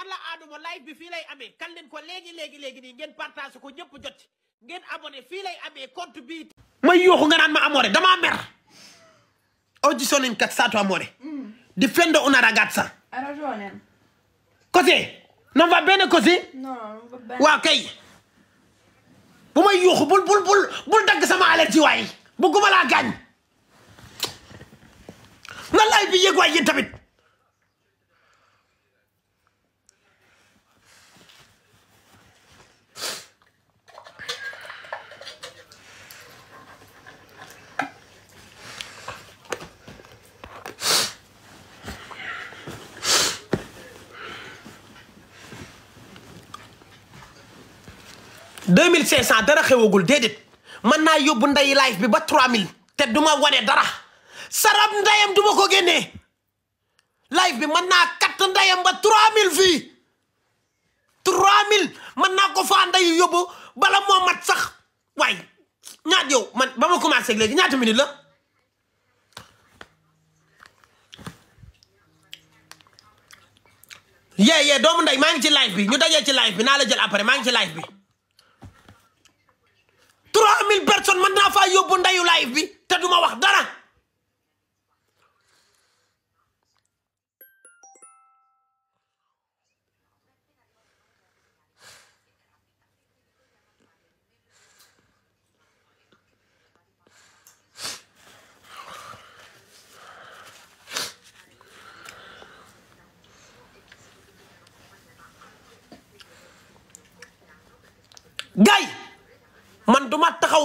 alla aaduma live bi fii lay amee kan leen ko léegi léegi léegi nii ngeen partage ko ñëpp jot ngeen abone fii lay amee compte bi may yooxu nga naan ma amoore damaa mer auditionem kassato amore mm. difendo una ragazza hai ragione così non va bene così no non va bene waaw kay bu may yooxu bul bul bul dagg sama allergie waay bu guma laa gaañ na live bi yéeg waay yéen tamit mille 2500 dara xewagul déedéet mën naa yóbbu nday live bi ba 3000 te duma ma wane dara sarab ndayam du ma ko génnee live bi mën naa katt ndayam ba 3000 fii mille mën naa ko faa ndayu yóbbu bala moo mat sax waaye ñaat yow man ba ma commencé léegi ñaata minute la yee yee doomu nday maa ngi ci live bi ñu dajee ci live bi naa la jël après maa ngi ci live bi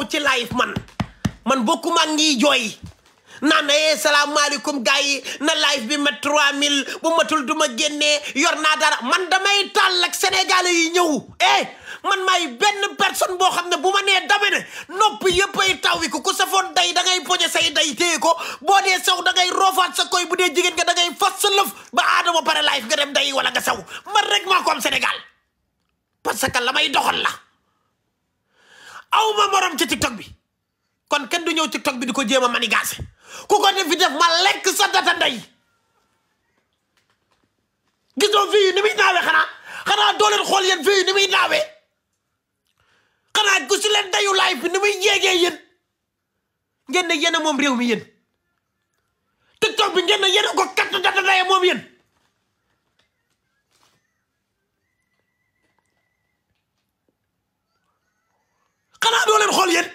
ñëw ci live man man bokkuma ak ngi jooy naan eh salaamaaleykum gars yi na live bi ma 3000 bu matul duma génnee yor naa dara man damay taal ak sénégalais yi ñëw eh man maay benn personne boo xam ne bu ma nee dame ne nopp yëpp ay taw ko ku safoon day da ngay poñe say day téye ko boo dee saw da ngay sa koy bu dee jigéen nga dangay ngay fas sa lëf ba aadama pare live nga dem day wala nga saw man rek maa ko am Sénégal parce la may doxal la. aw ma morom ci tiktok bi kon kenn du ñëw tiktok bi di ko jéem a manigaase ku ko def fi def ma lekk sa data ndey gisoo fii yi ni muy xanaa xanaa dooleen xool yéen fii yi ni muy xanaa ku si leen dayu lay bi ni muy yéegee yéen ngeen ne yéen moom réew mi yéen tiktok bi ngeen ne yéen a ko kattu data moom yéen xanaa doo leen xool yéen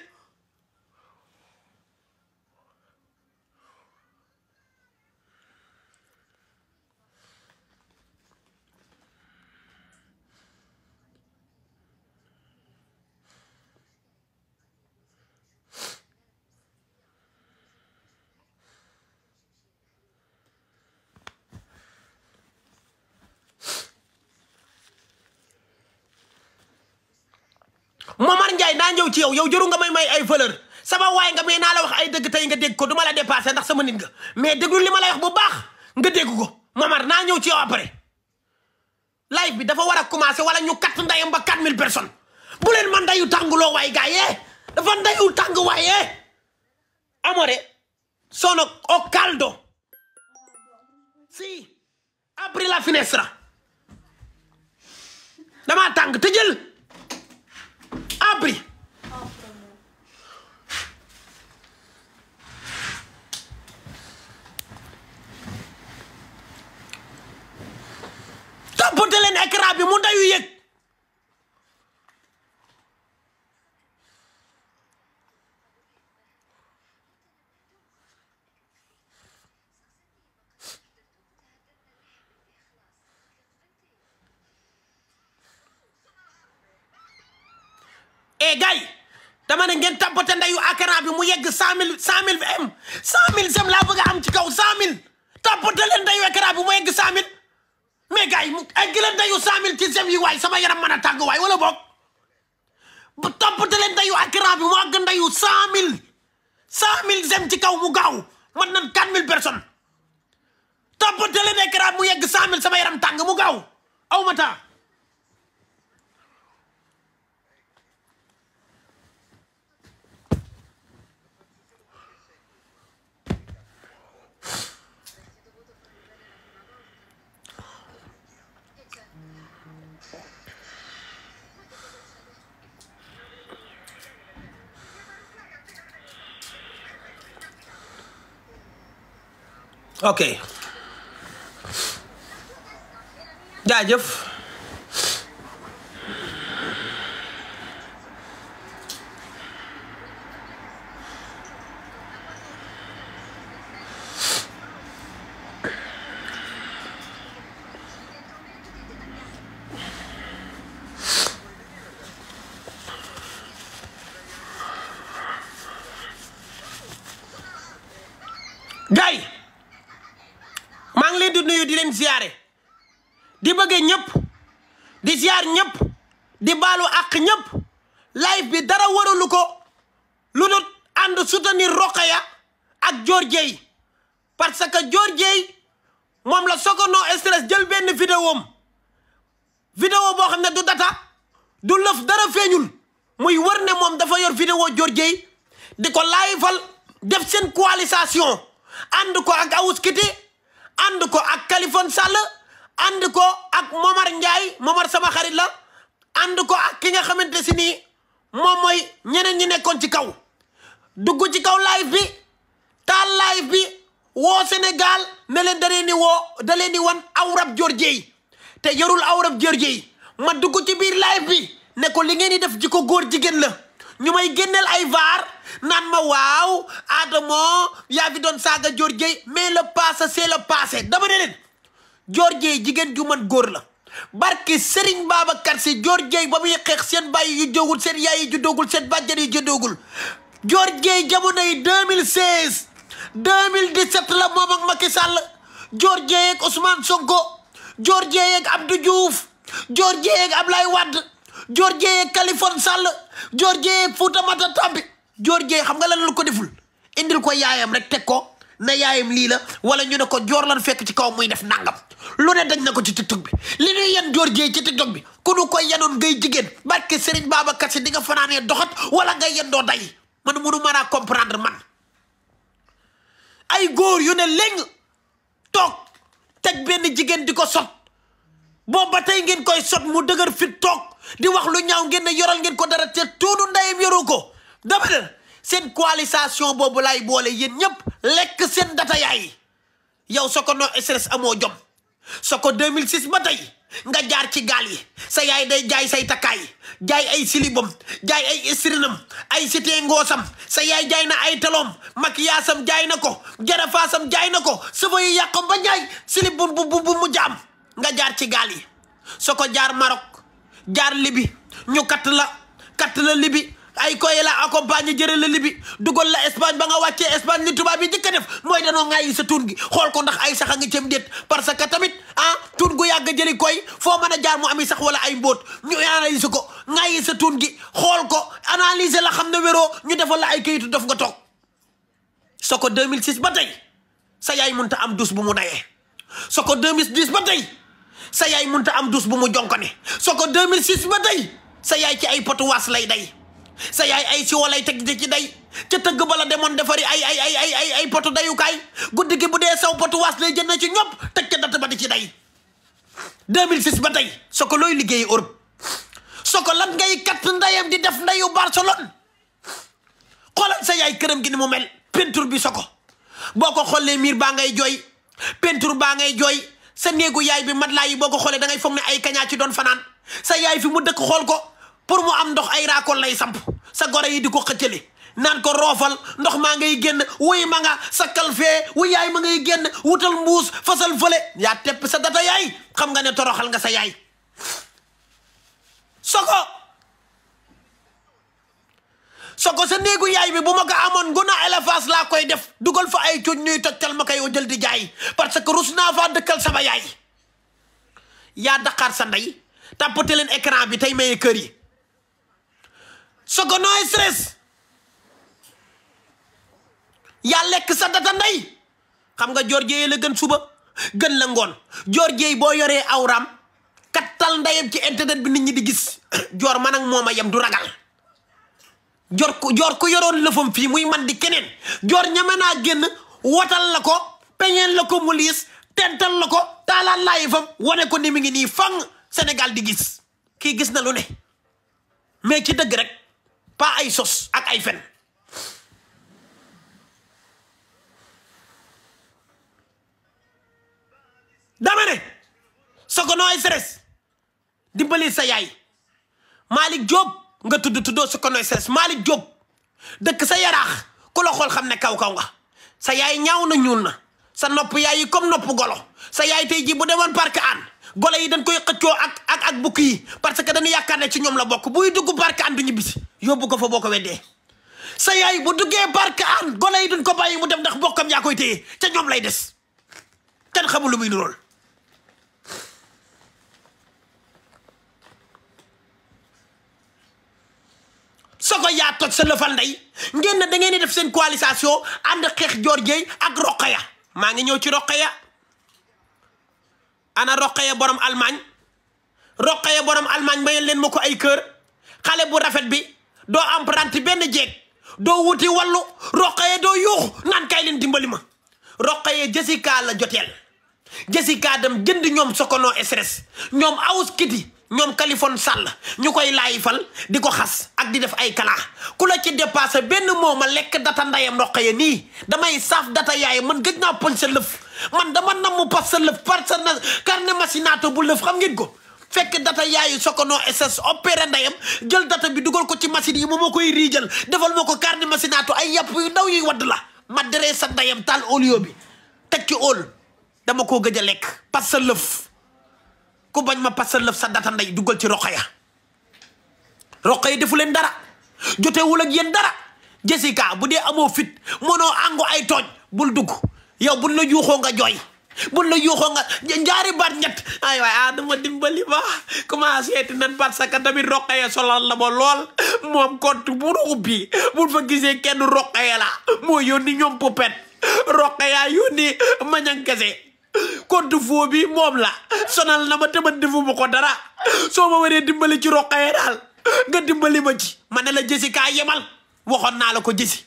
Momar Ndiaye naa ñëw ci yow yow jëru nga may may ay valeur sama waay nga mais naa la wax ay dëgg tey nga dégg ko du ma la dépassé ndax sama nit nga mais déglu li ma lay wax bu baax nga dégg ko Momar naa ñëw ci yow après live bi dafa war a commencé wala ñu kat ndayam ba 4000 personnes bu leen man ndayu tànguloo waay gars yee dafa ndayu tàng waaye eh. amore sono o caldo si apri la finestra dama tàng tëjël abri. tapote leen écran bi mu dayu yëg. gars yi dama ne ngeen tapoter ndeyu écran bi mu yegg cent mille cent mille m sem laa bëgg am ci kaw cent mille tapoter leen ndeyu écran mu yegg cent mille mais gars yi mu egg leen ndeyu cent mille ci sem yi waay sama yaram mën a tàgg waay wala boog bu tapoter leen ndeyu écran bi mu àgg ndeyu cent mille cent mille sem ci kaw mu gaaw man nan quatre mille personnes tapoter leen écran mu yegg cent sama yaram tàng mu gaaw aw ma taa ok jaajëf di ko laayifal def seen coalition ànd ko ak Awus Kité ànd ko ak Kalifon Sall ànd ko ak Momar Ndiaye Momar sama xarit la ànd ko ak ki nga xamante si nii moom mooy ñeneen ñi nekkoon ci kaw dugg ci kaw live bi taal live bi woo Sénégal ne leen da woo da leen di wan awrab Georgie te yarul awrab Georgie ma dugg ci biir live bi ne ko li ngeen di def ji ko góor jigéen la ñu may génneel ay vaar naan ma waaw moo yaa fi doon saaga Dior Dieye mais le passé c'est le passé dama ne joor Dior jigéen ju man góor la barki Serigne Babacar Sy joor Dieye ba muy xeex seen bàyyi yu jógul seen yaay yu juddoogul seen bàjjen yu juddoogul Dior Dieye jamono yi 2016 2017 la moom ak Macky Sall Dior Dieye ak Ousmane Sonko Dior Dieye ak Abdou Diouf Dior Dieye ak Ablaye Wade joor jeeyee Kalifon Sall joor jeeyee Fouta Mata Tampi joor jeeye xam nga la la ko deful indil ko yaayam rek teg ko na yaayam lii la wala ñu ne ko joor lan fekk ci kaw muy def nangam lu ne dañ na ko ci tiktok bi li ñuy yan joor jeey ci tiktok bi ku nu koy yanoon ngay jigéen barke Serigne baaba Sy di nga fanaanee doxat wala ngay yendoo day man munu mën a comprendre man ay góor yu ne leng toog teg benn jigéen di ko sot boobu ba tey ngeen koy sot mu dëgër fit toog di wax lu ñaaw ngeen ne yoral ngeen ko dara te tuunu ndeyam yoru ko dama ne seen coalisation boobu laay boole yéen ñëpp lekk seen data yaay yow soo ko no stress amoo jom soo ko 2006 ba tey nga jaar ci gaal yi sa yaay day jaay say takkaay jaay ay silibom jaay ay istrinam ay sitee ngoosam sa yaay jaay na ay taloom makiyaasam jaay na ko jarafaasam jaay na ko sëba yi yàqam ba jaay silib bu bu bu mu nga jaar ci gaal yi soo ko jaar Maroc jaar Libi ñu katt la katt la Libi ay koy la accompagne jëre la Libi dugal la Espagne ba nga wàccee Espagne ni tubaab yi njëkk a def mooy danoo ŋaayi sa tuun gi xool ko ndax ay sax a ngi cëm déet parce que tamit ah tuun gu yàgg jëli koy foo mën a jaar mu ami sax wala ay mbóot ñu analyse ko ŋaayi sa tuun gi xool ko analyser la xam ne wéroo ñu defal la ay kayitu def nga toog soo ko 2006 ba tey sa yaay mënta am dus bu mu dayee soo ko 2010 ba tey sa yaay munta am dus bu mu jonkone soo ko 2006 ba tey sa yaay ci ay potu waas lay day sa yaay ay si walay teg ci day ca tëgg bala demoon defari ay ay ay ay ay ay potu dayukaay guddi gi bu dee saw potu waas lay jënd ci ñopp teg ca datt ba di ci day 2006 ba tey soo ko looy liggéey Europe soo ko lan ngay kat ndayam di def ndayu Barcelone xoolal sa yaay këram gi ni mu mel peinture bi soo ko boo ko xoolee miir baa ngay jooy peinture baa ngay jooy sa néegu yaay bi mat matelas yi boo ko xoolee da ngay foog ne ay kañaa ci doon fanaan sa yaay fi mu dëkk xool ko pour mu am ndox ay raakool lay samp sa goro yi di ko xëccale naan ko roofal ndox maa ngay génn wuy ma nga sakkal fee wu yaay ma ngay génn wutal mbuus fasal fële yaa tepp sa data yaay xam nga ne toroxal nga sa yaay soko soko sa néegu yaay bi bu ma ko amoon guna élevage laa koy def dugal fa ay cuuj ñuy toccal ma koy jël di jaay parce que rus naa faa dëkkal sama yaay yaa daqaar sa ndey tàppate leen écran bi tey mayee kër yi soko nooy stress yaa lekk sa data ndey xam nga Georgie la gën suba gën la ngoon joor Georgie boo yoree awraam kattal ndeyam ci internet bi nit ñi di gis joor man ak moom yem du ragal jor ko jor ko yoroon lëfam fii muy man di keneen jor ñeme naa génn wotal la ko peñeel la ko mu liis tental la ko taalaan laayi fam wane ko ni mu ngi nii fang senegal di gis ki gis na lu ne mais ci dëgg rek pas ay sos ak ay fen dama ne Sokono Express dimbali sa yaay Malick Diop nga tudd tuddoo sa ko noy sees Malick Diop dëkk sa yaraax ku la xool xam ne kaw kaw nga sa yaay ñaaw na ñuul na sa nopp yaay yi comme nopp golo sa yaay tey jii bu demoon parc an golo yi dañ koy xëccoo ak ak ak bukk yi parce que dañu yaakaar ne ci ñoom la bokk buy dugg parc an du ñibbisi yóbbu ko fa boo ko weddee sa yaay bu duggee parc an golo yi duñ ko bàyyi mu dem ndax bokkam yaa koy téye ca ñoom lay des kenn xamul lu muy nurool Soko yaa toj sa lëfal ndey ngeen ne da ngeen di def seen coalition ànd xeex Dior Dieye ak Roqaya maa ngi ñëw ci Roqaya ana Roqaya borom Allemagne Roqaya borom Allemagne mayal leen ma ko ay kër xale bu rafet bi doo emprunté benn jeeg doo wuti wallu Roqaya doo yuuxu naan kay leen dimbali ma Roqaya Jessica la joteel Jessica dem jënd ñoom Sokono SRS ñoom Awus Kiti ñoom Kalifone Sall ñu koy laayifal di ko xas ak di def ay kalaa ku la ci dépassé benn moo ma lekk data ndayam ndox ya nii damay saaf data yaay man gëj naa poñ sa lëf man dama namm pas sa lëf par sa na carnet macinato bu lëf xam ngeen ko fekk data yaayu Sokono SS opéré ndayam jël data bi dugal ko ci machine yi moom moo koy riijal defal ma ko carnet macinato ay yàpp yu ndaw yuy wadd la ma deree sa ndayam taal olio bi teg ci óol dama koo gëj a lekk pas sa lëf ku bañ ma pasal lëf sa data ndey duggal ci Rokhaya Rokhaya defu leen dara jotewul ak yéen dara Jessica bu dee amoo fit mënoo àngu ay tooñ bul dugg yow buñ la yuuxoo nga jooy buñ la yuuxoo nga njaari baat ñett ay waay ah dama dimbali ba commencé ti nan parce que tamit Rokhaya solal la ma lool moom kott bu ubbi bul fa gisee kenn Rokhaya la moo yónni ñoom popet Rokhaya yónni mañankese code faux bi moom la sonal na ma te man defuma ko dara soo ma waree dimbali ci roqaye daal nga dimbali ma ci ma ne la jësi kaa yemal waxoon naa la ko jësi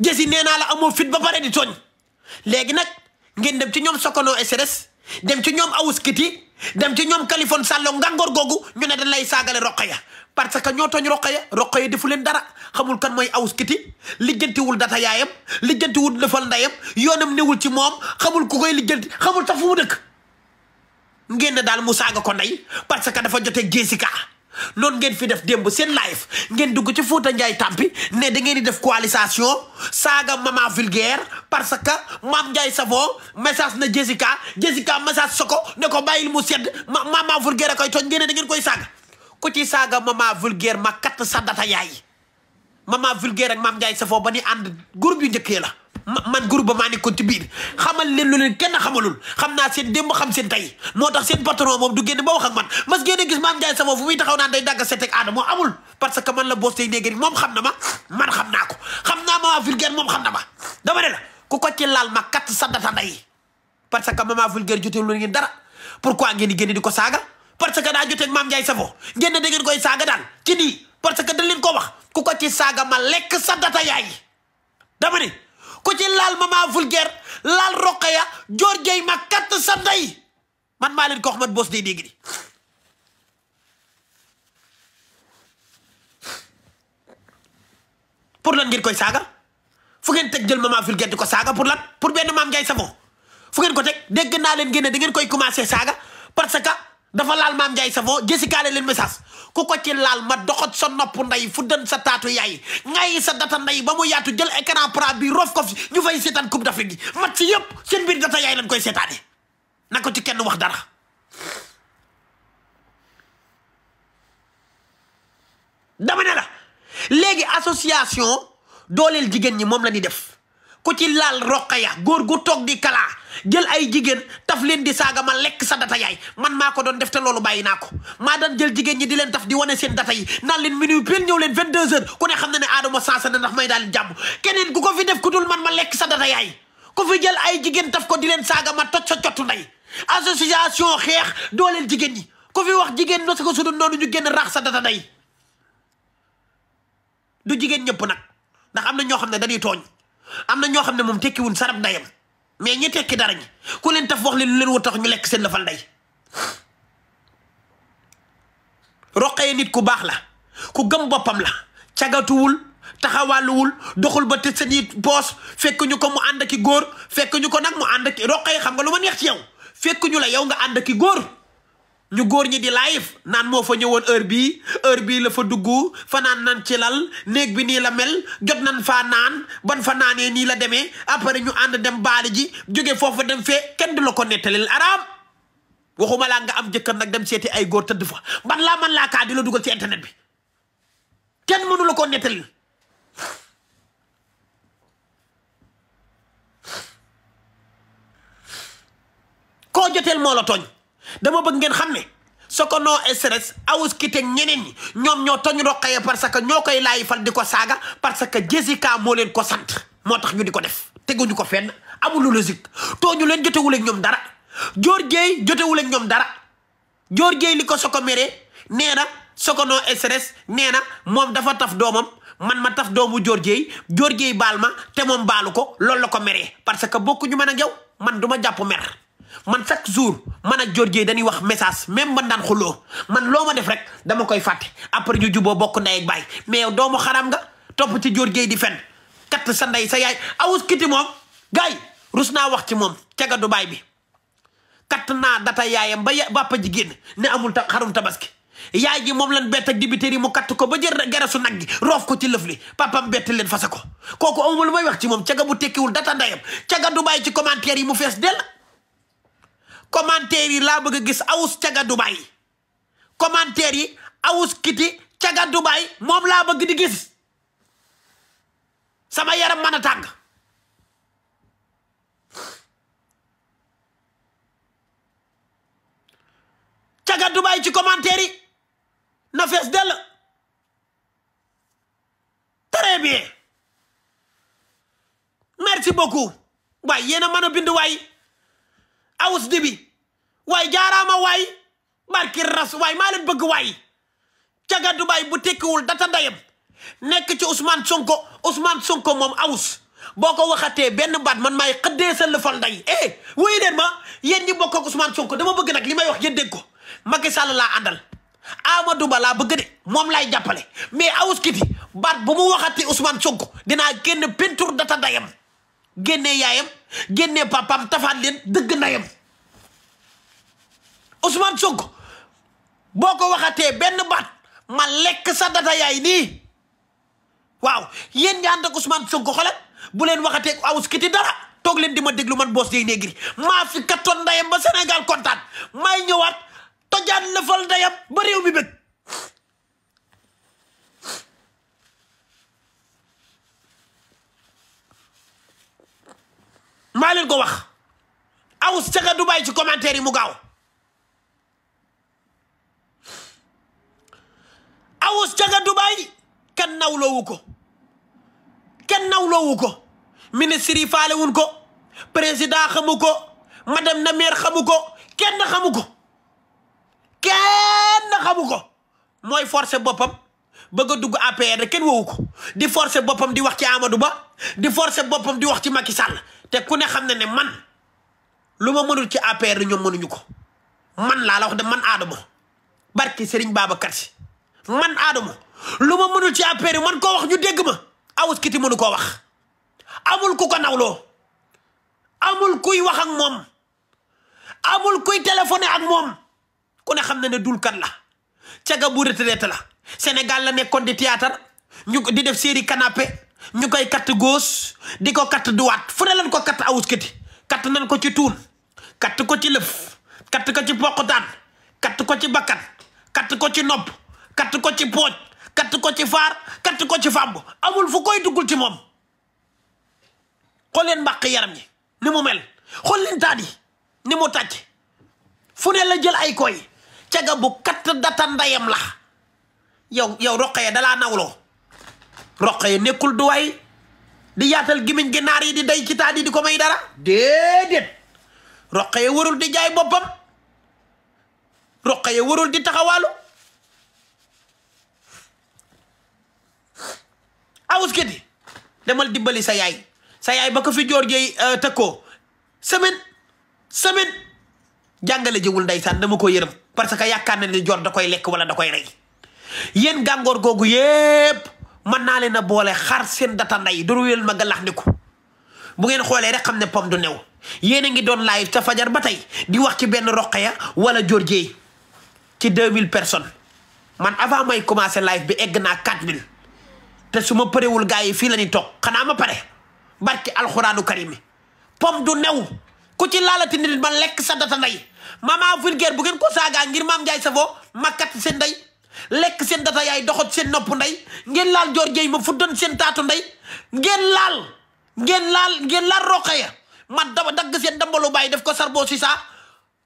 jësi nee naa la amoo fit ba pare di tooñ léegi nag ngeen dem ci ñoom Sokono SRS dem ci ñoom awuskiti dem ci ñoom Kalifon Sàllo ngàngoor googu ñu ne dañ lay saagale roqaya parce que ñoo tooñ roqaya roqaya defu leen dara xamul kan mooy awus kiti lijjantiwul data yaayam lijjantiwul defal ndeyam yoonam newul ci moom xamul ko koy lijjanti xamul sax fu mu dëkk ngeen daal mu saaga ko ndey parce que dafa joteeg Jessica noonu ngeen fi def démb seen live ngeen dugg ci Fouta Ndiaye tampi ne da ngeen di def coalition saaga mama vulgaire parce que Mame Ndiaye Savon message na Jessica Jessica message soko ne ko bàyyil mu sedd mama vulgaire a koy tooñ ngeen ne da ngeen koy saaga ku ci saaga mama vulgaire ma katt sa data yaay mama vulgaire ak maam Ndiaye safoo ba ni ànd groupe yu njëkkee la ma groupe ba maa nekkoon ci biir xamal leen lu leen kenn xamalul xam naa seen démb xam seen tey moo tax seen patron moom du génn ba wax ak man mas génne gis maam Ndiaye safoo fu muy taxaw naan day dagg set ak amul parce que man la boos tey néegéen moom xam na ma man xam naa ko xam naa ma mama vulgaire moom xam na ma dama ne la ku ko ci laal ma katt sa data nday parce que mama vulgaire jotee lu ngeen dara pourquoi ngeen di génne di ko saaga parce que daa joteeg maam Ndiaye Savon ngeen ne da ngeen koy saaga daal ci parce que dañ leen ko wax ku ko ci saaga ma lekk sa data yaay dama ni ku ci laal mama vulgaire laal roqaya joor géey ma katt sa man maa leen ko wax man boos day dégg ni lan ngeen koy saaga fu ngeen teg jël mama vulgaire di ko saaga pour lan pour benn maam Ndiaye Savon fu ngeen ko teg dégg naa leen ngeen ne da ngeen koy commencé saaga parce dafa laal maam Ndiaye Savon jësikaale leen message ku ko ci laal ma doxat sa nopp ndey fu dën sa taatu yaay ngay sa data ndey ba mu yaatu jël écran plat bi rof ko fi ñu fay seetaan coupe d'Afrique gi mat si yëpp seen biir data yaay lañ koy seetaane na ko ci kenn wax dara dama ne la léegi association dooleel jigéen ñi moom la ñuy def ku ci laal roqaya góor gu toog di kalaa jël ay jigéen taf leen di saaga ma lekk sa data yaay man maa ko doon def te loolu bàyyi naa ko maa daan jël jigéen ñi di leen taf di wane seen data yi naan leen minuit pile ñëw leen 22 heures ku ne xam na ne aadama sansa na ndax may daal jàmm keneen ku ko fi def ku dul man ma lekk sa data yaay ku fi jël ay jigéen taf ko di leen saaga ma toj sa nday ndey association xeex dooleel jigéen ñi ku fi wax jigéen no sa ko sudul noonu ñu génn raax sa data ndey jigéen ñëpp nag ndax am na ñoo xam ne dañuy tooñ am na ñoo xam ne moom tekkiwun sarab ndayam mais ñi tekki dara ñi ku leen taf wax leen lu leen war tax ñu lekk seen la fal nday roqee nit ku baax la ku gëm boppam la cagatuwul taxawàlluwul doxul ba tëj sa nit poos fekkuñu ko mu ànd ki góor fekk ñu ko nag mu ànd ak i xam nga lu ma neex ci yow fekk ñu la yow nga ànd ak góor ñu góor ñi di live naan moo fa ñëwoon heure bii heure bii la fa dugg fanaan nan ci lal néeg bi nii la mel jot nan faa naan ban fa naanee nii la demee après ñu ànd dem baali ji jóge foofu dem fee kenn di la ko nettalil araam waxuma laa nga am jëkkër nag dem seeti ay góor tëdd fa ban laa man laa kaa di la dugal ci internet bi kenn mënu ko nettalil koo joteel moo la tooñ dama bëgg ngeen xam ne Sokono SRS awus kite ñeneen ñi ñoom ñoo toñ roqee parce que ñoo koy laay fal di ko saaga parce que Jessica moo leen ko sant moo tax ñu di ko def teguñu ko fenn amulu logique tooñu leen jotewul ak ñoom dara Dior Dieye jotewul ak ñoom dara Dior Dieye li ko soko meree nee na Sokono SRS nee na moom dafa taf doomam man ma taf doomu Dior Dieye Dior Dieye baal ma te moom baalu ko loolu la ko meree parce que bokkuñu mën ak yow man du jàpp mer man chaque jour man ak Georgie dañuy wax message même man daan xuloo man loo ma def rek dama koy fàtte après ñu juboo bokk ndey ak mais doomu xaram nga topp ci Georgie di fen kat sa ndey sa yaay awus kiti moom gars yi rus naa wax ci moom caga Dubaay bi kat naa data yaayam ba bàppa ji génn ne amul ta xarum tabaski yaay ji moom lan bett ak dibiteri mu katt ko ba jër gerasu nag gi roof ko ci lëf li papam bett leen fase ko kooku amuma lu may wax ci moom caga bu tekkiwul data ndeyam caga Dubaay ci commentaire yi mu fees dell commentaire yi laa bëgg gis awus caga Dubaay commentaire yi awus kiti caga Dubaay moom laa bëgg di gis sama yaram mën a tàng caga ci commentaire yi na fees dell très bien merci beaucoup waaye yéen a mën a bind awus dibi waay jaaraama waay barki ras waay maa leen bëgg waay caga Dubaay bu tekkiwul data dayam nekk ci Ousmane Sonko Ousmane Sonko moom awus boo ko waxatee benn baat man maay xëddee sa lëfal nday eh wuyu leen ma yéen ñi bokk ak Ousmane Sonko dama bëgg nag li may wax yéen ko Macky Sall laa àndal Amadou Ba laa bëgg de moom laay jàppale mais awus kiti baat bu mu waxatee Ousmane Sonko dinaa génn peinture data dayam génnee yaayam génnee papaam tafaat leen dëgg ndayam Ousmane Sonko boo ko waxatee benn baat ma lekk sa data yaay nii waaw yéen ñaan ak Ousmane Sonko xoolal bu leen waxatee awus kiti dara toog leen di ma déglu man boos day néegri maa fi kattoon ndayam ba senegal kontaan may ñëwaat tojaan lëfal ndayam ba réew mi bëgg maa leen ko wax awus ca Dubaay ci commentaire yi mu gaaw awus ca nga Dubaay kenn nawloowu ko kenn nawloowu ko ministre yi faalewun ko président xamu ko madame la maire xamu ko kenn xamu ko kenn xamu ko mooy forcé boppam bëgg a dugg APR kenn woowu ko di forcé boppam di wax ci Amadou Ba di forcé boppam di wax ci Macky Sall te ku ne xam na ne man lu ma mënul ci APR ñoom mënuñu ko man laa la wax de man Adama barki Serigne Babacar Si man Adama lu ma mënul ci APR mën koo wax ñu dégg ma awus kiti mënu koo wax amul ku ko nawloo amul kuy wax ak moom amul kuy téléphoné ak moom ku ne xam ne ne kan la caga bu retraite la Sénégal la nekkoon di théâtre ñu di def série canapé ñu koy katt gauche di ko katt droite fu ne lañ ko katt awuskati katt nañ ko ci tuun katt ko ci lëf katt ko ci poqutaan katt ko ci bakkan katt ko ci nopp katt ko ci pooj katt ko ci faar kat ko ci fàmb amul fu koy duggul ci moom xool leen mbàq yaram yi ni mu mel xool leen taat yi ni mu tàcc fu ne la jël ay koy caga bu katt data ndayam la yow yow roqee dalaa nawloo roq yi nekkul duwaay di yaatal gimiñ ginaar yi di day ci taat yi di ko may dara déedéet roq yi warul di jaay boppam roq yi warul di taxawaalu awuskiti demal dimbali sa yaay sa yaay ba ko fi joor jey euh, tëkkoo semaine semaine jàngale jiwul ndeysaan dama ko yërëm parce que yaakaar na ne joor da koy lekk wala da koy rey yéen gàngoor googu yépp mën naa leen a boole xar seen data nday duruweel ma galax ndiku bu ngeen xoolee rek xam ne pom du new yéen a ngi doon live ta fajar ba tey di wax ci benn roq ya wala jóor jeey ci mille personnes man avant may commencé live bi egg naa mille te su ma parewul gars yi fii la ñuy toog xanaa ma pare barki alxuraanu karimi pom du new ku ci laalati nit ma lekk sa data nday mama vulgaire bu ngeen ko saagaa ngir ma maam Njaay Savon ma kat seen ndey lekk seen data yaay doxat seen nopp ndey ngeen laal joor jeey ma fuddan seen taatu ndey ngeen laal ngeen laal ngeen laal roqe ya ma dama dagg seen dambalu baay def ko sarbo si sa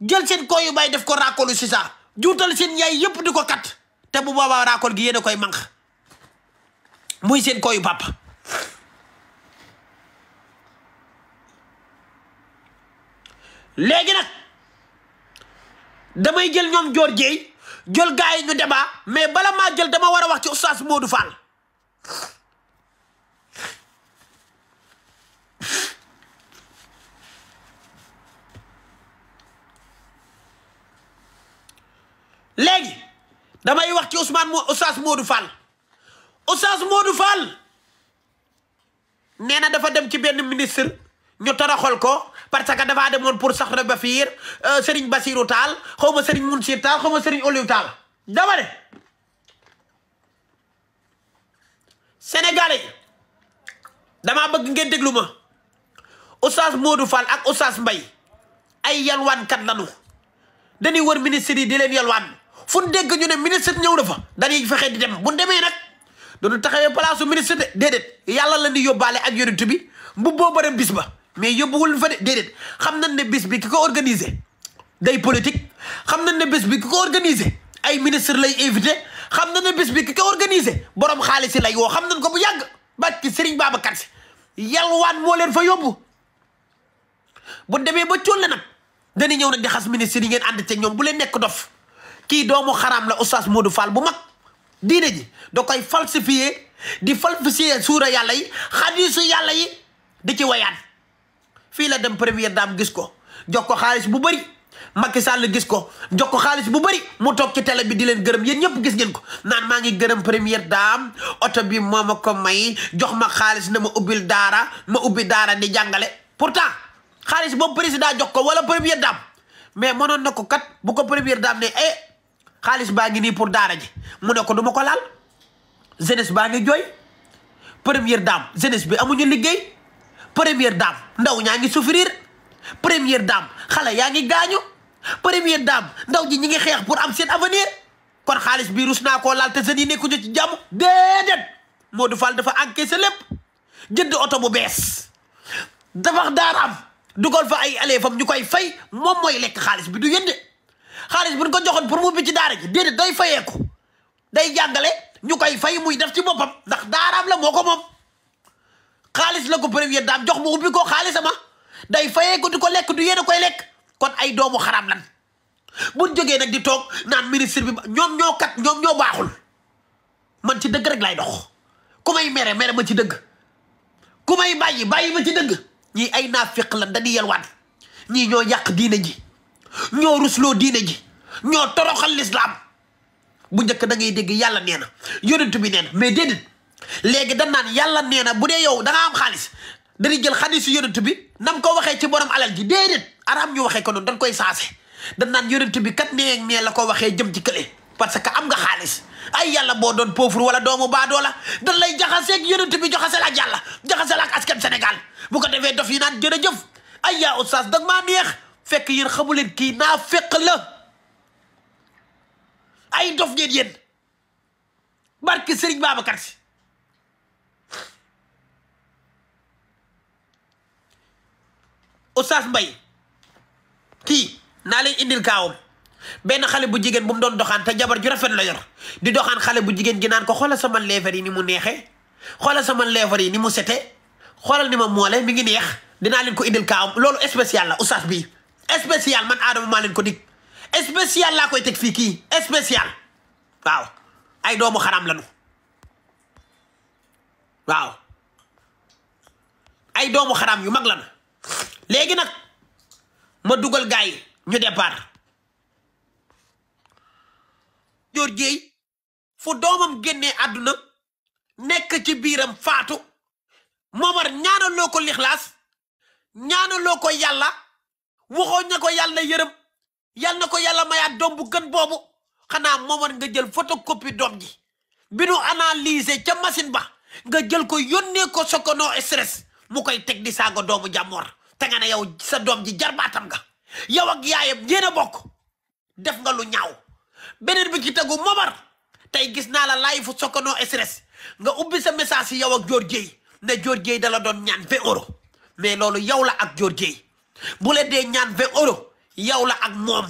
jël seen kooyu baay def ko raakolu si juutal seen yaay yépp di ko kat te bu boobaa raakol gi yéen a koy manq muy seen kooyu papa léegi nag damay jël ñoom joor jeey jël gars yi ñu mais bala maa jël dama war a wax ci oustaz Modou Fall léegi damay wax ci Ousmane mo oustaz Modou Fall oustaz Modou Fall nee na dafa dem ci benn ministre ñu toroxal ko parce que dafaa demoon pour sax ba fiir euh, Serigne Bassirou Tall xaw ma Serigne Mounsiir Tall xaw ma Serigne Oliou Tall dama ne damaa bëgg ngeen déglu ma Oustaz Modou Fall ak Oustaz mbay ay yalwaankat lañu dañuy wër ministre yi di leen yalwaan fu ñu dégg ñu ne ministre ñëw na fa dañuy fexe di dem bu ñu demee nag dañu taxawee palaasu ministre de déedéet yàlla la ñuy yóbbaale ak yonent bi bu boobu dem bis ba. mais yóbbuwul fa de déedéet xam nañ ne bis bi ki ko organisé day politique xam nañ ne bis bi ki ko organisé ay ministre lay invité xam nañ ne bis bi ki ko organisé borom xaalis lay woo xam nañ ko bu yàgg bàkki Serigne Babacar Si yalwaan moo leen fa yóbbu bu demee ba colle nag dañuy ñëw nag di xas ministre yi ngeen ànd ci ñoom bu leen nekk dof kii doomu xaraam la oustaz Modou Fall bu mag diine ji da koy falsifier di falsifier suura yàlla yi xadiisu yàlla yi di ci wayaat fii la dem première daam gis ko jox ko xaalis bu bëri Macky Sall gis ko jox ko xaalis bu bëri mu toog ci tele bi di leen gërëm yéen ñëpp gis ngeen ko naan maa ngi gërëm première dame oto bi moo ma ko may jox ma xaalis na ma ubbil daara ma ubbi daara di jàngale pour pourtant xaalis boobu président jox ko wala première dame mais mënoon na ko kat bu ko première dame ne eh xaalis baa ngi nii pour daara ji mu ne ko du ko laal jeunesse baa ngi jooy première dame jeunesse bi amuñu liggéey. première dame ndaw ñaa ngi souffrir première dame xale yaa ngi gaañu première dame ndaw ji ñi ngi xeex pour am seen avenir kon xaalis bi rus naa koo laal te seen yi nekkuñu ci jàmm déedéet Modou Fall dafa encaissé lépp jënd oto bu bees dafax daar am dugal fa ay aleefam ñu koy fay moom mooy lekk xaalis bi du yënde xaalis bu ñu ko joxoon pour mu bi ci daara ji déedéet day fayeeku day jàngale ñu koy fay muy def ci boppam ndax daaraam la moo ko moom xaalis la ko première dame jox mu ubbi ko xaalisama day fayee ko di ko lekk du yéen a koy lekk kon ay doomu xaraam lan bu jógee nag di toog naan ministre bi ñoom ñoo kat ñoom ñoo baaxul man ci dëgg rek lay dox ku may mere mere ma ci dëgg ku may bàyyi bàyyi ma ci ñii ay naafiq lan dañuy yelwaan ñii ñoo yàq diine ji ñoo rusloo diine ji ñoo toroxal lislaam bu njëkk da ngay dégg yàlla nee na yonent bi nee na mais déedéet léegi dañ naan yàlla nee na bu dee yow da am xaalis dañuy jël xadiisu yonent bi nam ko waxee ci borom alal ji déedéet araam ñu waxee ko noonu dañ koy saase dan naan yonent bi kat nee nee la ko waxee jëm ci kële parce que am nga xaalis ay yàlla boo doon pauvre wala doomu baadoo la dañ lay jaxaseeg yonent bi joxasel ak yàlla joxasel ak askan Sénégal bu ko defee dof yi naan jërëjëf ay yaa oustaz dag maa neex fekk yéen xamu leen kii naa fekk la ay dof ngeen yéen barki Serigne Babacar Oustaz mbay kii naa leen indil kaawam benn xale bu jigéen bu mu doon doxaan te jabar ju rafet la yor di doxaan xale bu jigéen gi naan ko xoolal sama leefar yi ni mu neexee xoolal sama leefar yi ni mu sete xoolal ni ma moole mi ngi neex dinaa leen ko indil kaawam loolu spécial la Oustaz bi spécial man Adama maa leen ko dig spécial laa koy teg fii kii spécial waaw ay doomu xaram lañu waaw ay doomu xaram yu mag lañu léegi nag ma dugal gars ñu départ joor jéey fu doomam génnee àdduna nekk ci biiram faatu Momar ñaanaloo ko lixlaas ñaanaloo ko yàlla waxoon ko yàlla yërëm yàlla na ko yàlla mayaat doom bu gën boobu xanaa Momar nga jël photocopie doom ji bi nu ca machine ba nga jël ko yónnee ko Sokono Express mu koy teg di saaga doomu jàmmoor te nga ne yow sa doom ji jarbaatam nga yow ak yaayam yéen a bokk def nga lu ñaaw beneen bi ci tegu momar tey gis naa la laay sokkanoo Sokono stress nga ubbi sa message yi yow ak Dior Dieye ne Dior Dieye da doon ñaan vingt euros mais loolu yow la ak Dior Dieye bu la dee ñaan vingt euros yow la ak moom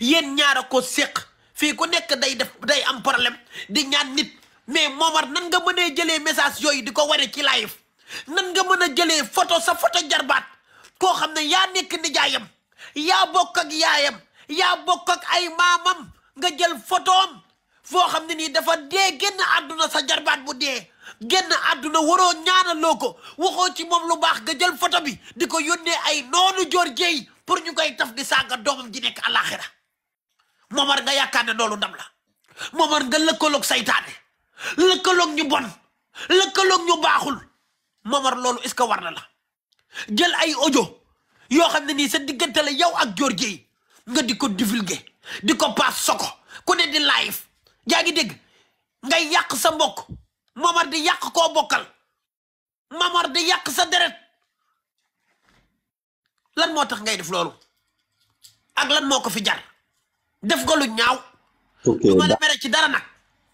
yéen ñaara ko séq fii ku nekk day def day am problème di ñaan nit mais Momar nan nga mënee jëlee message yooyu di ko wane ci live nan nga mën a jëlee photo sa photo jarbaat koo xam ne yaa nekk nijaayam yaa bokk ak yaayam yaa bokk ak ay maamam nga jël photoom foo xam ne nii dafa dee génn àdduna sa jarbaat bu dee génn àdduna waroo ñaanaloo ko waxoo ci moom lu baax nga jël photo bi di ko yónnee ay noonu joor jeey pour ñu koy taf di nga doomam ji nekk àllaaxira Momar nga yaakaar ne loolu ndam la Momar nga lëkkaloog saytaane lëkkaloog ñu bon lëkkaloog ñu baaxul Momar loolu est-ce que war na la jël ay ojo yoo xam ne nii sa diggante la yow ak Dior Dieye nga di ko divulguer di ko paas soko ku ne di live yaa ngi dégg ngay yàq sa mbokk Momar di yàq koo bokkal Momar di yàq sa deret lan moo tax ngay def loolu ak lan moo ko fi jar def nga lu ñaaw. ok du la mere ci dara nag.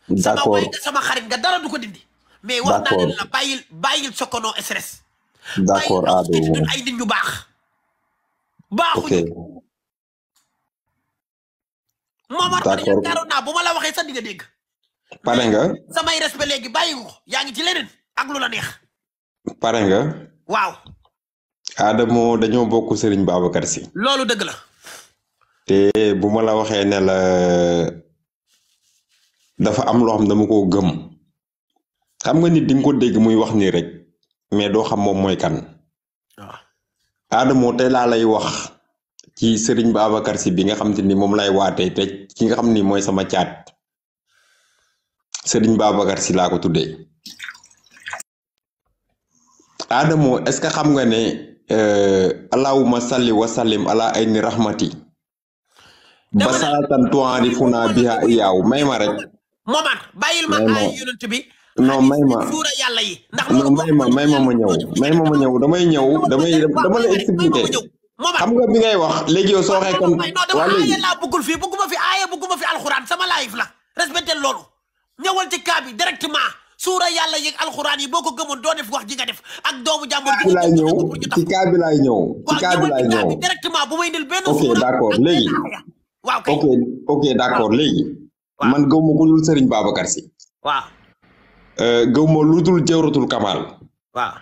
d'accord sama way nga sama xarit nga dara du ko dindi. mais wax naa leen la bàyyil Sokono SRS. d'accord Ado ay nit ñu baax. baaxuñu Momar man yaakaaroon naa bu ma la waxee sax di nga dégg. nga. samay respect léegi bàyyi ko ci leneen ak la neex. pare nga. Adamo dañoo bokk Serigne Babacar Sy. lolo dëgg la. te bu ma la waxee ne la dafa am loo dama koo gëm. xam nga nit di ko dégg muy wax nii rek mais doo xam moom mooy kan waaw ah. Adamo te laa lay wax ci Serigne Babacar Sy bi nga xam te ni moom lay waatee te ki nga xam ni mooy sama caat Serigne Babacar Sy laa ko tuddee Adamo est-ce que xam nga ne euh, allahumma salli wa sallim ala ayni rahmati basaatan tuwaari funaa biha iyaaw may ma rek Momar bàyyil ma ay yonent bi non may ma non may ma may ma ma ñëw may ma ma ñëw damay ñëw damay dama la expliqué xam nga bi ngay wax léegi yow soo waxee kon waa léegi laa bëggul fii bëgguma fi aaya bëgguma fi alxuraan sama live la respecté loolu ñëwal ci cas bi directement suura yàlla alxuraan yi boo ko gëmoon doo def wax nga def ak doomu jàmbur bi laay ñëw ci cas bi laay ñëw ci cas bi may indil benn ok d'accord léegi waaw ok ok d'accord léegi man gëmuma ko dul Serigne Babacar Euh, gëw ma lu dul jawratul kamaal waaw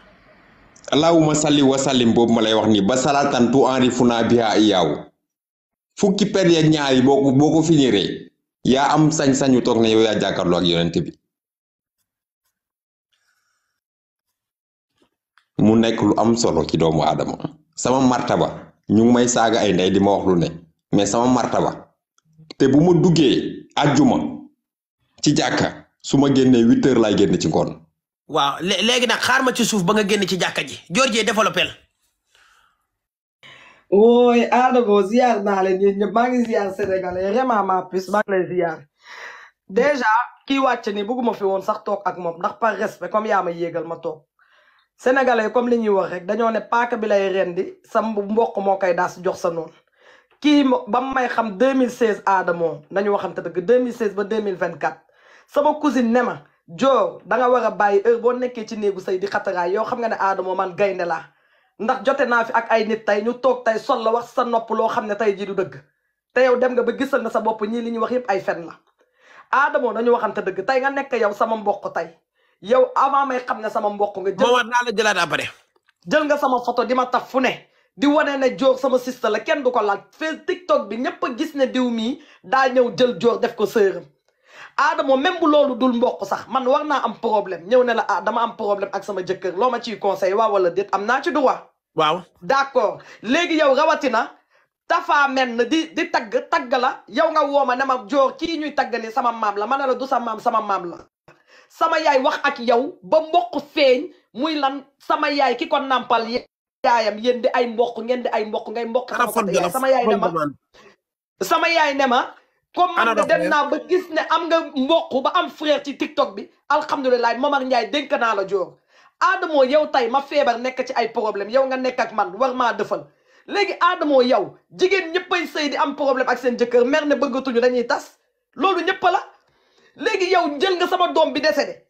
allahuma salli wa sallim ma lay wax nii ba salatan tu enri fu naa biha iyaaw fukki per ya ñaar yi ko boo ko yaa am sañ-sañu toog na yow yaa jàkkaarloo ak yonent bi mu nekk lu am solo ci doomu aadama sama martaba ñu may saaga ay ndey di ma wax lu ne mais sama martaba te bu ma duggee àjjuma ci jàkka su ma génnee huit heures laay génn ci ngoon. waaw léegi na xaar ma ci suuf ba nga génn ci jàkka ji Georgie développé la. wooy Adamo ziar naa leen yéen ñëpp maa ngi ziar sénégalais vraiment ma plus maa ngi lay ziar déjà kii wàcc ni bëgguma fi woon sax toog ak moom ndax par respect comme yaa ma yéegal ma toog sénégalais comme li ñuy wax rek dañoo ne paaka bi lay rendi sa mbokk moo koy daas jox sa noonu kii ba may xam 2016 Adamo nañu waxante dëgg 2016 ba 2024 sama cousine ne ma joo da nga war a bàyyi heure boo nekkee ci néegu sëy di xataraay yow xam nga ne Adamo man gaynde laa ndax jote naa fi ak ay nit tey ñu toog tey sol la wax sa nopp loo xam ne tey jii du dëgg te yow dem nga ba gisal nga sa bopp ñii li ñuy wax yépp ay fen la Adamo dañu waxante dëgg tey nga nekk yow sama mbokk tey yow avant may xam ne sama mbokk nga jël war naa la jëlaat après jël nga sama photo di ma taf fu ne di wane ne joor sama sista la kenn du ko laaj fee tiktok bi ñépp a gis ne diw mii daa ñëw jël joor def ko sëram aada moom bu loolu dul mbokk sax man war naa am problème ñëw ne la ah dama am problème ak sama jëkkër loo ma ciy conseil waaw wala déet am naa ci droit. waaw d'accord léegi yow rawatina. dafa mel ne di di tagg tagg la yow nga wooma ne ma joor kii ñuy tagg sama maam la ma ne la du sa maam sama maam la sama yaay wax ak yow ba mboq feeñ muy lan sama yaay ki ko nàmpal yaayam yéen di ay mboq ngeen di ay mboq ngay mboq sama yaay ne ma sama yaay ne ma comme man de dem naa ba gis ne am nga mbokk ba am frère ci TikTok bi alhamdulilah Momar Ndiaye dénk naa la joor Adamo yow tey ma feebar nekk ci ay problème yow nga nekk ak man war maa defal léegi Adamo yow jigéen ñëppay sëy di am problème ak seen jëkkër mer ne bëggatuñu dañuy tas loolu ñëpp la léegi yow jël nga sama doom bi décédé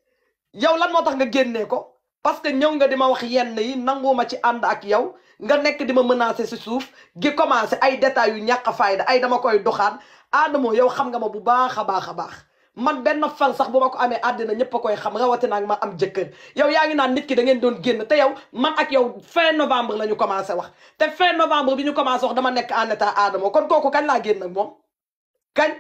yow lan moo tax nga génnee ko parce que ñëw nga di ma wax yenn yi ma ci ànd ak yow nga nekk di ma menacer si suuf gi commencé ay détails yu ñàkk a fayda ay dama koy doxaan Adamo yow xam nga ma bu baax a baax a baax man benn fan sax bu ma ko amee àddina ñëpp a koy xam rawatina ak ma am jëkkër yow yaa ngi naan nit ki da ngeen doon génn te yow man ak yow fin novembre la ñu commencé wax te fin novembre bi ñu commencé wax dama nekk en état Adamo kon kooku kañ laa génn ak moom kañ.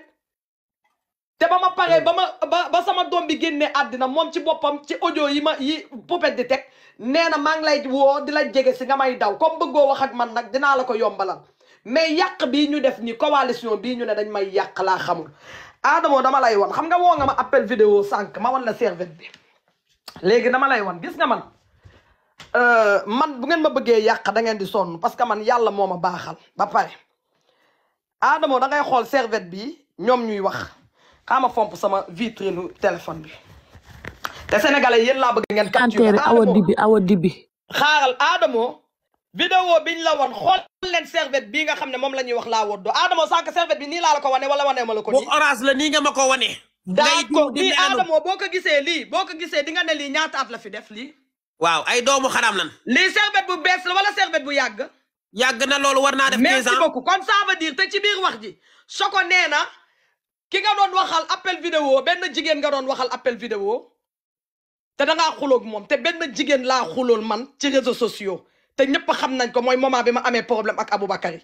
te ba ma paree mm. ba ma ba ba sama doom bi génnee àddina moom ci boppam ci audio yi ma yi Poupette di teg nee na maa ngi lay woo di la jege si nga may daw comme bëggoo wax ak man nag dinaa la ko yombalal mais yàq bi ñu def nii coalition bii ñu ne dañ may yàq laa xamul. Adamo dama lay wan xam nga woo nga ma appel vidéo sànq ma wan la service bi léegi dama lay wan gis nga man euh, man bu ngeen ma bëggee yàq da ngeen di sonn parce que man yàlla moo a baaxal ba pare Adamo da ngay xool service bi ñoom ñuy wax. xama fomp sama vitrine téléphone bi te sénégalais yéen laa bëgg ngeen capturé awa dibi awa dibi xaaral Adamo vidéo biñ la wan xool leen serviette bi nga xam ne moom la ñuy wax laa woddoo Adamo sànq serviette bi nii laa la ko wane wala wane ma la ko nii bu orange la nii nga ma ko wane daa ko lii Adamo boo ko gisee lii boo ko gisee di nga ne lii ñaata la fi def lii waaw ay doomu xaram lan lii serviette bu bees la wala serviette bu yàgg yàgg na loolu war naa def merci beaucoup kon ça veut dire ci biir wax ji soko nee na ki nga doon waxal appel vidéo benn jigéen nga doon waxal appel vidéo te da ngaa xuloog moom te benn jigéen laa xulool man ci réseaux sociaux te ñëpp xam nañ ko mooy moment bi ma amee problème ak Aboubakary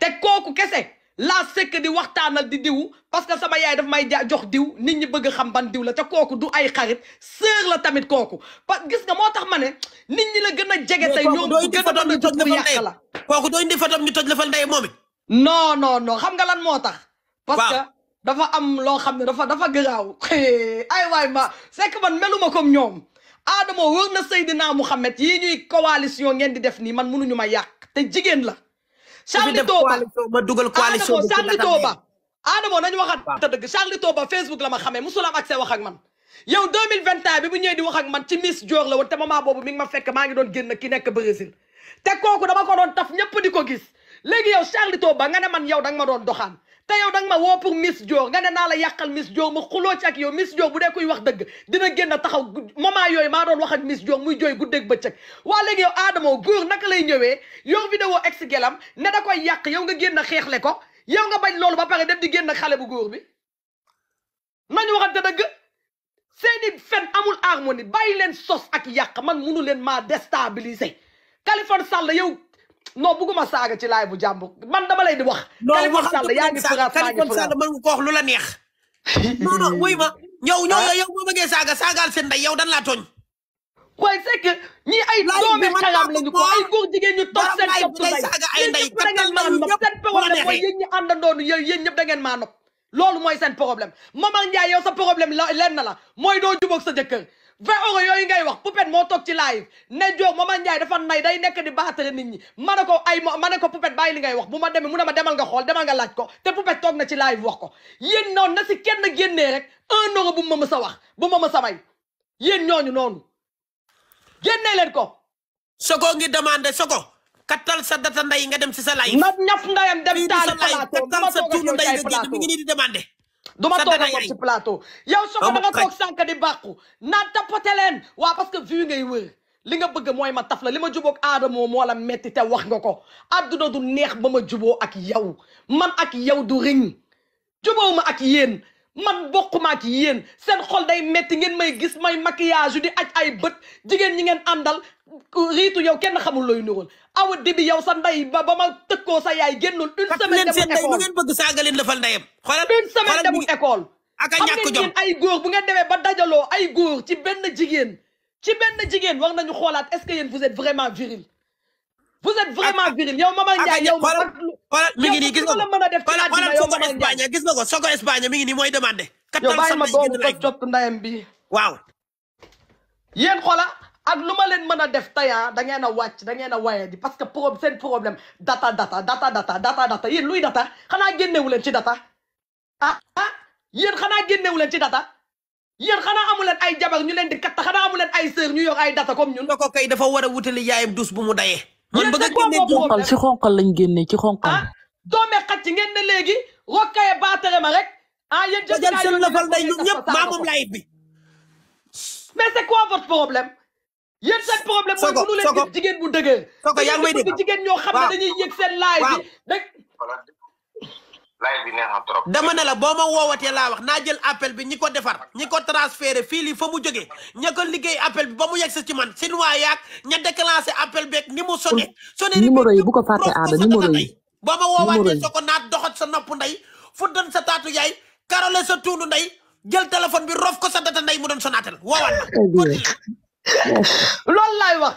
te kooku kese laa sekk di waxtaanal di diw parce que sama yaay daf may jox diw nit ñi bëgg xam ban diw la te kooku du ay xarit sœur la tamit kooku parce que gis nga moo tax ma ne nit ñi la gën a jege tey ñoom bu gën a doon ñu toj yàq la kooku doo indi fatam ñu toj la fal ndey moom it xam nga lan moo tax dafa am loo xam ne dafa dafa garaaw ay waay ma c'est que man meluma comme ñoom Adamo wër na Seydina Mouhamed yii ñuy coalition ngeen di def nii man mënuñu ma yàq te jigéen la Charlie Toba ma dugal coalition Adamo Charlie Toba Adamo nañu waxat dëgg Charlie Toba Facebook la ma xamee musul am accès wax ak man yow 2021 bi bu ñëwee di wax ak man ci Miss Dior la woon te moment boobu mi ngi ma fekk maa ngi doon génn ki nekk Brésil te kooku dama ko doon taf ñëpp di ko gis léegi yow Charlie Toba nga ne yow danga ma doon doxaan te yow danga ma woo pour Miss Dior nga ne naa la yàqal Miss Dior ma xuloo ci ak yow Miss Dior bu dee kuy wax dëgg dina génn taxaw moment yooyu maa doon wax ak Miss Dior muy jooy guddeeg bëccëg waa léegi yow Adamo góor naka lay ñëwee yor vidéo ex gelam ne da koy yàq yow nga génn xeexle ko yow nga bañ loolu ba pare dem di génn xale bu góor bi nañ waxante dëgg seeni fen amul harmonie bàyyi leen sos ak yàq man munu leen maa déstabiliser Khalifa Sall yow non bugguma saaga ci laay bu jàmbur man dama lay di wax. Khalifa Sall yaa ngi France maa ngi France Khalifa Sall mën nga ko wax lu la neex. non non wuy ma ñëw ñëw ah. yow boo bëggee seen ndey yow dan laa tooñ. waaye c'est ay doomi xaram lañu ko ay góor jigéen ñu toog seen topp ndey yéen ñëpp da ngeen maa nopp seen problème mooy yéen ñi àndandoonu yéen ñëpp da ngeen maa nopp loolu mooy seen problème Maman Ndiaye yow sa problème la lenn la mooy doo jubóog sa jëkkër vingt euros yooyu ngay wax Poupette moo toog ci live ne ma man Ndiaye dafa nay day nekk di baatale nit ñi ma ne ko ay mo ne ko Poupette bàyyi li ngay wax bu ma deme mu ne ma demal nga xool demal nga laaj ko te Poupette toog na ci live wax ko yéen noon na si kenn génnee rek un euro bu ma mës a wax bu ma mës a may yéen ñooñu noonu génnee leen ko. Soko ngi demandé Soko. kattal sa data nday nga dem si sa live. na ñaf ndayam dem taali plateau kattal sa tuunu nday nga génn mi ngi di demandé. du ma toog ak ci plateau yow soko da nga toog sànq di bàqu naan tapote leen waa parce que vu ngay wër li nga bëgg mooy ma taf la li ma jubóog aadamoo moo la metti te wax nga ko adduna du neex ba ma juboo ak yow man ak yow du riñ juboo ma ak yéen man bokkuma ak yéen seen xol day metti ngeen may gis may maquillage yu di aj ay bët jigéen ñi ngeen àndal riitu yow kenn xamul looy nuroon awa dibi yow sa ndey ba ba ma tëkkoo sa yaay génnoon une semaine demul école lu ngeen bëgg saaga leen defal ndeyam xoolal une semaine demul école ak a ñàkk jom xam ngeen ay góor bu ngeen demee ba dajaloo ay góor ci benn jigéen ci benn jigéen war nañu xoolaat est-ce que yéen vous êtes vraiment viril vous êtes vraiment viril yow Mama Ndiaye yow. xoolal ngi nii gis nga ko xoolal xoolal Soko Espagne gis nga ko Soko Espagne mi ngi nii mooy demandé. yow bàyyi ma boobu ko cott ndayam bi waaw. yéen ak lu ma leen mën a def tey ah, da ngeen a wàcc da ngeen a waye parce que pro seen problème data data data data data data yéen luy data xanaa génnewu leen ci data. ah ah yéen xanaa génnewu leen ci data. yéen xanaa amu leen ay jabar ñu leen di katta xanaa amu leen ay sœur ñu yor ay data comme ñun. ko kay dafa war a wutali yaayam dus bu mu dayee. yéen ba nga génnee xonqal si xonqal lañ génnee ci xonqal. ah doome xacc ngeen ne léegi rokkee baatare ma rek. a ah, yéen jël seen lafal nday ñoom ñëpp maa moom live bi. mais c'est quoi votre problème. yéen seen problème mooy mënu leen gis bu dëgër. sogo yaa ngi may dégg jigéen ñoo xam ne dañuy yëg seen live bi. live bi neex na trop. dama ne la boo ma woowatee laa wax naa jël appel bi ñi ko defar ñi ko transféré fii lii fa mu jógee ña ko liggéey appel bi ba mu yegg sa ci man sinuwaa yaag ña déclenché appel beeg ni mu sonné. sonné numéro yi bu ko fàtte aada numéro yi. boo ma woowaatee soo ko naat doxat sa nopp ndey fu doon sa taatu yaay karole sa tuunu nday jël téléphone bi rof ko sa data ndey mu doon sonatel woowaat na loolu laay wax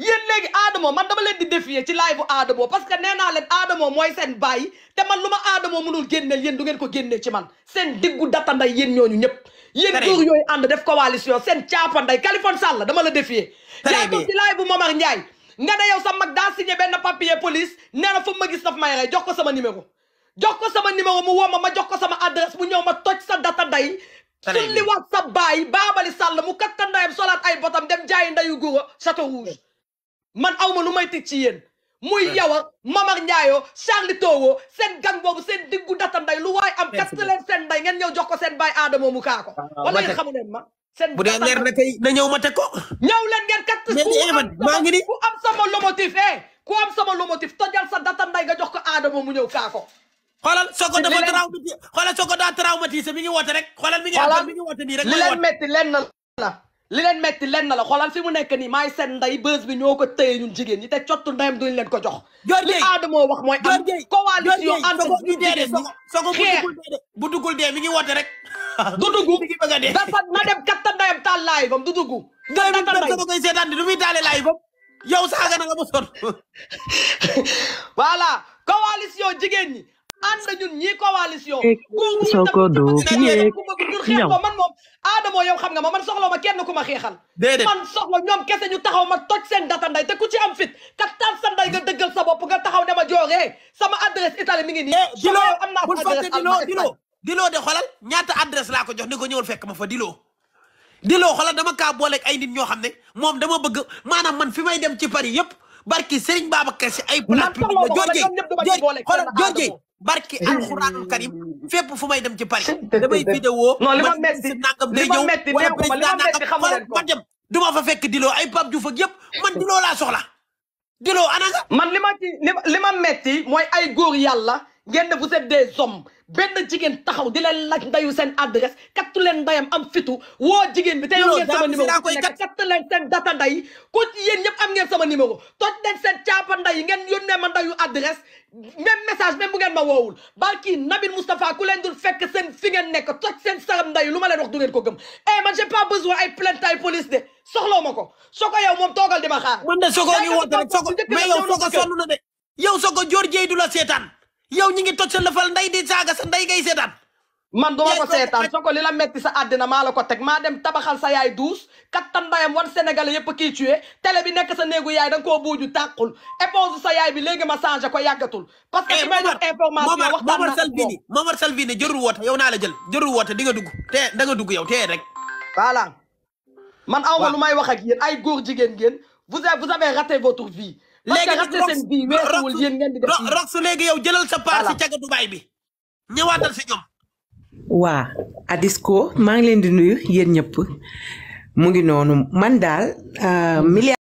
yéen léegi Adamo man dama leen di défier ci live bu Adamo parce que nee naa leen Adamo mooy seen bàyyi te man lu ma Adamo mënul génneel yéen du ngeen ko génnee ci man seen diggu data nday yéen ñooñu ñëpp yéen jour def ko def coalition seen caapa nday Kalifone Sall dama la défier yaa toog ci live bu Momar Ndiaye nga ne sam sa mag daa signé benn papier police nee na fu ma gis daf may ko sama numéro jox ko sama numéro mu woo ma ma jox ko sama adresse mu ñëw ma toj sa data nday sulli wax sa baay baabali sàll mu katta ndayam solaat ay botam dem jaayi ndayu guro château rouge man awma lu may teg ci yéen muy eh. yow a Mamar Ndiayo Charlie Towo seen gang boobu seen diggu data nday lu waay am kat leen seen nday ngeen ñëw jox ko seen baay aadama kaako kaa ah, ko wala ngeen xamu leen ma seen bu dee leer na tey na ñëw ma teg ko ñëw leen ngeen kat eh, maa ngi ni ku am sama lomotif eh ku am sama lomotif tojal sa data nday nga jox ko aadama mu ñëw kaa ko xoolal soo ko dafa traumatisé xoolal soo ko daa traumatisé mi ngi woote rek xoolal mi ngi mi ngi rek leen metti leen na la li leen metti leen na la xoolal fi mu nekk nii maay seen nday bës bi ñoo ko tëye ñun jigéen ñi te cottu ndayam duñ leen ko jox li aadamoo wax mooy am coalition ànd ñu dee sogo bu duggul dee mi ngi woote rek du dugg dafa na dem katta ndayam taal laay bam du dugg sama koy seetaan di du muy taale laay bam yow saaga na nga ba sot voilà coalition jigéen ñi ànd ñun ñii coalition. sooko eh, doo ku yegg ñaw eh, ku man moom Adamo yow xam nga ma man soxla ma kenn ku ma xeexal. déedéet man soxla ñoom ma toj seen data nday te ku ci am fit ka taal nday nga dëggal sa nga taxaw ne ma jooree sama adresse Italie mi ngi nii. Eh, dilo am naa sa adresse am naa dilo dilo de xolal ñaata adresse laa ko jox ni ko ñëwal fekk ma fa dilo. dilo xolal dama ka booleeg ay nit ñoo xam ne moom dama bëgg maanaam man fi may dem ci Paris yëpp barki Serigne Babacar si ay. man soxla ma ko wala ñoom ñëpp dama barki eh, alxuraanul karim fépp fu may dem ci Paris damay vidéo non li ma metti nangam day ñëw wala président nangam xool ma dem du ma fa fekk diloo ay Pape Diouf ak yëpp man diloo laa soxla diloo ana nga man li ma ci li ma metti mooy ay góor yàlla ngeen ne vous êtes des hommes benn jigéen taxaw di leen laaj ndayu seen adresse kattu leen ndayam am fitu woo jigéen bi te yow ngeen sama numéro kattu leen seen data nday ku ci yéen ñëpp am ngeen sama numéro toj leen seen caapa nday ngeen yónnee ma ndayu adresse même message même bu ngeen ma woowul barki Nabil Moustapha ku leen dul fekk seen fi ngeen nekk toj seen saram ndayu lu ma leen wax du ngeen ko gëm eh man j'ai pas besoin ay plainte ay police de soxlaw ma ko soko yow moom toogal di ma xaar. mën na soko ngi woote rek soko mais yow soko sonn na de yow soko du la seetaan yow ñi ngi toj sa lëfal nday di saaga sa nday ngay seetaan man duma ko seetaan soo ko li la metti sa àddina maa la ko teg maa dem tabaxal sa yaay duus kattan ndayam wan senegal yépp kii tué télé bi nekk sa néegu yaay da nga koo buuju tàqul épouse sa yaay bi léegi ma changé ko yàggatul parce que ma eh, may jox information waxtaan Momar Salvini Momar Salvini jërul woote yow naa la jël jërul woote di nga dugg te da nga dugg yow tee rek voilà man aw ma lu may wax ak yéen ay góor jigéen ngeen vous vous avez raté votre vie léegi rox rox su léegi yow jëlal sa part si caga Dubaay bi ñëwaatal si ñoom. waa Adisco maa ngi leen di nuyu yéen ñëpp mu ngi noonu man daal. Euh,